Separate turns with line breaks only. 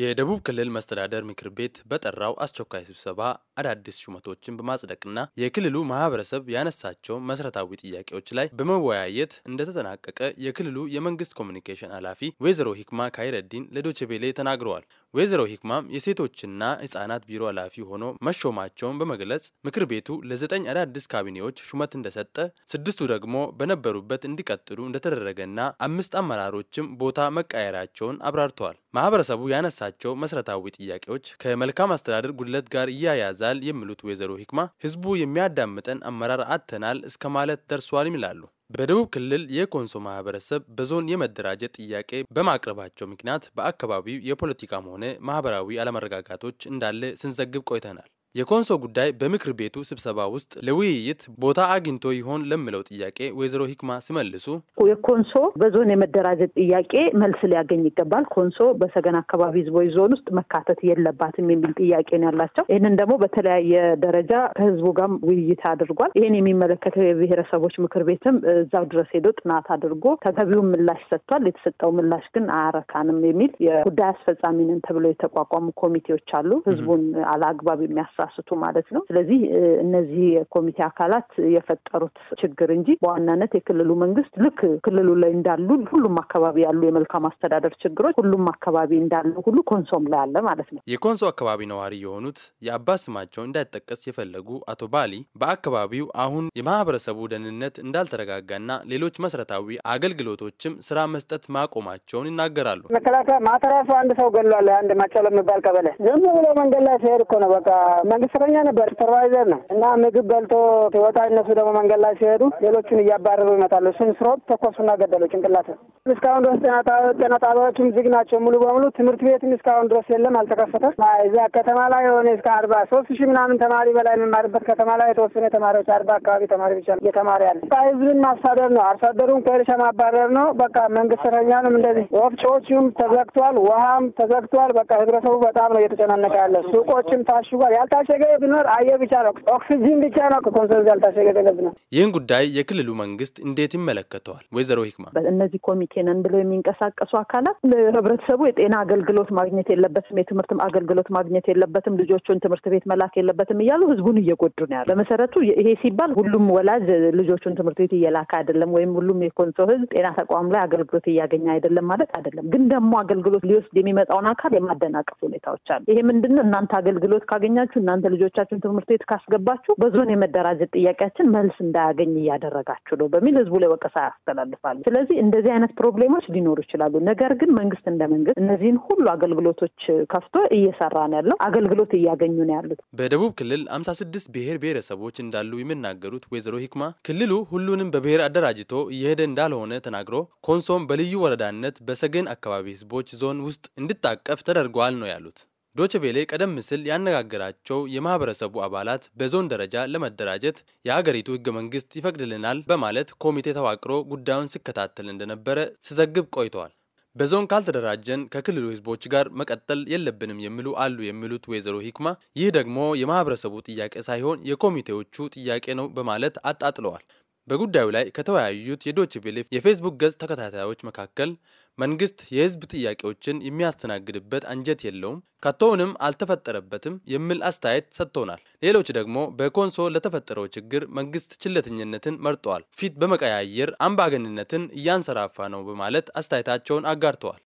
የደቡብ ክልል መስተዳደር ምክር ቤት በጠራው አስቸኳይ ስብሰባ አዳዲስ ሹመቶችን በማጽደቅና የክልሉ ማህበረሰብ ያነሳቸው መሰረታዊ ጥያቄዎች ላይ በመወያየት እንደተጠናቀቀ የክልሉ የመንግስት ኮሚኒኬሽን ኃላፊ ወይዘሮ ሂክማ ካይረዲን ለዶችቬሌ ተናግረዋል። ወይዘሮ ሂክማም የሴቶችና ህጻናት ቢሮ ኃላፊ ሆኖ መሾማቸውን በመግለጽ ምክር ቤቱ ለዘጠኝ አዳዲስ ካቢኔዎች ሹመት እንደሰጠ፣ ስድስቱ ደግሞ በነበሩበት እንዲቀጥሉ እንደተደረገና አምስት አመራሮችም ቦታ መቃየራቸውን አብራርተዋል። ማህበረሰቡ ያነሳቸው መሰረታዊ ጥያቄዎች ከመልካም አስተዳደር ጉድለት ጋር እያያዛል የሚሉት ወይዘሮ ሂክማ ህዝቡ የሚያዳምጠን አመራር አጥተናል እስከ ማለት ደርሷል ይላሉ። በደቡብ ክልል የኮንሶ ማህበረሰብ በዞን የመደራጀት ጥያቄ በማቅረባቸው ምክንያት በአካባቢው የፖለቲካም ሆነ ማህበራዊ አለመረጋጋቶች እንዳለ ስንዘግብ ቆይተናል። የኮንሶ ጉዳይ በምክር ቤቱ ስብሰባ ውስጥ ለውይይት ቦታ አግኝቶ ይሆን ለምለው ጥያቄ ወይዘሮ ሂክማ ሲመልሱ
የኮንሶ በዞን የመደራጀት ጥያቄ መልስ ሊያገኝ ይገባል። ኮንሶ በሰገን አካባቢ ህዝቦች ዞን ውስጥ መካተት የለባትም የሚል ጥያቄ ነው ያላቸው። ይህንን ደግሞ በተለያየ ደረጃ ከህዝቡ ጋር ውይይት አድርጓል። ይህን የሚመለከተው የብሔረሰቦች ምክር ቤትም እዛው ድረስ ሄዶ ጥናት አድርጎ ተገቢውን ምላሽ ሰጥቷል። የተሰጠው ምላሽ ግን አያረካንም የሚል የጉዳይ አስፈጻሚ ነን ተብሎ የተቋቋሙ ኮሚቴዎች አሉ። ህዝቡን አለአግባብ የሚያሳ ሲያሳስቱ ማለት ነው። ስለዚህ እነዚህ የኮሚቴ አካላት የፈጠሩት ችግር እንጂ በዋናነት የክልሉ መንግስት ልክ ክልሉ ላይ እንዳሉ ሁሉም አካባቢ ያሉ የመልካም አስተዳደር ችግሮች ሁሉም አካባቢ እንዳሉ ሁሉ
ኮንሶም ላይ አለ ማለት ነው። የኮንሶ አካባቢ ነዋሪ የሆኑት የአባ ስማቸው እንዳይጠቀስ የፈለጉ አቶ ባሊ በአካባቢው አሁን የማህበረሰቡ ደህንነት እንዳልተረጋጋና ሌሎች መሰረታዊ አገልግሎቶችም ስራ መስጠት ማቆማቸውን ይናገራሉ።
መከላከያ ማታ አንድ ሰው ገሏል። አንድ ማጫሎ የሚባል ቀበሌ ዝም ብሎ መንገድ ላይ ሲሄድ እኮ ነው በቃ መንግስት ስረኛ ነበር፣ ሱፐርቫይዘር ነው እና ምግብ በልቶ ሲወጣ እነሱ ደግሞ መንገድ ላይ ሲሄዱ ሌሎቹን እያባረሩ ይመጣሉ። እሱን ስሮብ ተኮሱና ገደሉ ጭንቅላት። እስካሁን ድረስ ጤና ጣቢያዎችም ዝግ ናቸው ሙሉ በሙሉ ትምህርት ቤትም እስካሁን ድረስ የለም፣ አልተከፈተም። እዚያ ከተማ ላይ የሆነ እስከ አርባ ሶስት ሺህ ምናምን ተማሪ በላይ የምማርበት ከተማ ላይ የተወሰነ ተማሪዎች አርባ አካባቢ ተማሪ ብቻ እየተማሪ ያለ ህዝብን ማሳደር ነው። አርሶ አደሩን ከእርሻ ማባረር ነው። በቃ መንግስት ነው። እንደዚህ ወፍጮዎችም ተዘግቷል፣ ውሃም ተዘግቷል። በቃ ህብረተሰቡ በጣም ነው እየተጨናነቀ ያለ። ሱቆችም ታሽጓል። ያልታ ያልታሸገ ቢኖር ብቻ ነው፣ ኦክሲጂን ብቻ ነው ኮንሰርት ያልታሸገ
ይህን ጉዳይ የክልሉ መንግስት እንዴት ይመለከተዋል? ወይዘሮ ሂክማ
እነዚህ ኮሚቴ ነን ብለው የሚንቀሳቀሱ አካላት ለህብረተሰቡ የጤና አገልግሎት ማግኘት የለበትም፣ የትምህርት አገልግሎት ማግኘት የለበትም፣ ልጆቹን ትምህርት ቤት መላክ የለበትም እያሉ ህዝቡን እየጎዱ ነው ያለ። በመሰረቱ ይሄ ሲባል ሁሉም ወላጅ ልጆቹን ትምህርት ቤት እየላከ አይደለም፣ ወይም ሁሉም የኮንሶ ህዝብ ጤና ተቋም ላይ አገልግሎት እያገኘ አይደለም ማለት አይደለም። ግን ደግሞ አገልግሎት ሊወስድ የሚመጣውን አካል የማደናቀፍ ሁኔታዎች አሉ። ይሄ ምንድነው? እናንተ አገልግሎት ካገኛችሁ እናንተ ልጆቻችሁን ትምህርት ቤት ካስገባችሁ በዞን የመደራጀት ጥያቄያችን መልስ እንዳያገኝ እያደረጋችሁ ነው በሚል ህዝቡ ላይ ወቀሳ ያስተላልፋሉ። ስለዚህ እንደዚህ አይነት ፕሮብሌሞች ሊኖሩ ይችላሉ። ነገር ግን መንግስት እንደ መንግስት እነዚህን ሁሉ አገልግሎቶች ከፍቶ እየሰራ ነው ያለው፣ አገልግሎት እያገኙ ነው ያሉት።
በደቡብ ክልል አምሳ ስድስት ብሔር ብሔረሰቦች እንዳሉ የሚናገሩት ወይዘሮ ሂክማ ክልሉ ሁሉንም በብሔር አደራጅቶ እየሄደ እንዳልሆነ ተናግሮ ኮንሶም በልዩ ወረዳነት በሰገን አካባቢ ህዝቦች ዞን ውስጥ እንድታቀፍ ተደርጓል ነው ያሉት። ዶችቬሌ ቀደም ሲል ያነጋገራቸው የማህበረሰቡ አባላት በዞን ደረጃ ለመደራጀት የሀገሪቱ ህገ መንግስት ይፈቅድልናል በማለት ኮሚቴ ተዋቅሮ ጉዳዩን ሲከታተል እንደነበረ ሲዘግብ ቆይተዋል። በዞን ካልተደራጀን ከክልሉ ህዝቦች ጋር መቀጠል የለብንም የሚሉ አሉ የሚሉት ወይዘሮ ሂክማ ይህ ደግሞ የማህበረሰቡ ጥያቄ ሳይሆን የኮሚቴዎቹ ጥያቄ ነው በማለት አጣጥለዋል። በጉዳዩ ላይ ከተወያዩት የዶችቬሌ የፌስቡክ ገጽ ተከታታዮች መካከል መንግስት የህዝብ ጥያቄዎችን የሚያስተናግድበት አንጀት የለውም፣ ከቶውንም አልተፈጠረበትም የሚል አስተያየት ሰጥቶናል። ሌሎች ደግሞ በኮንሶ ለተፈጠረው ችግር መንግስት ችለተኝነትን መርጠዋል፣ ፊት በመቀያየር አምባገንነትን እያንሰራፋ ነው በማለት አስተያየታቸውን አጋርተዋል።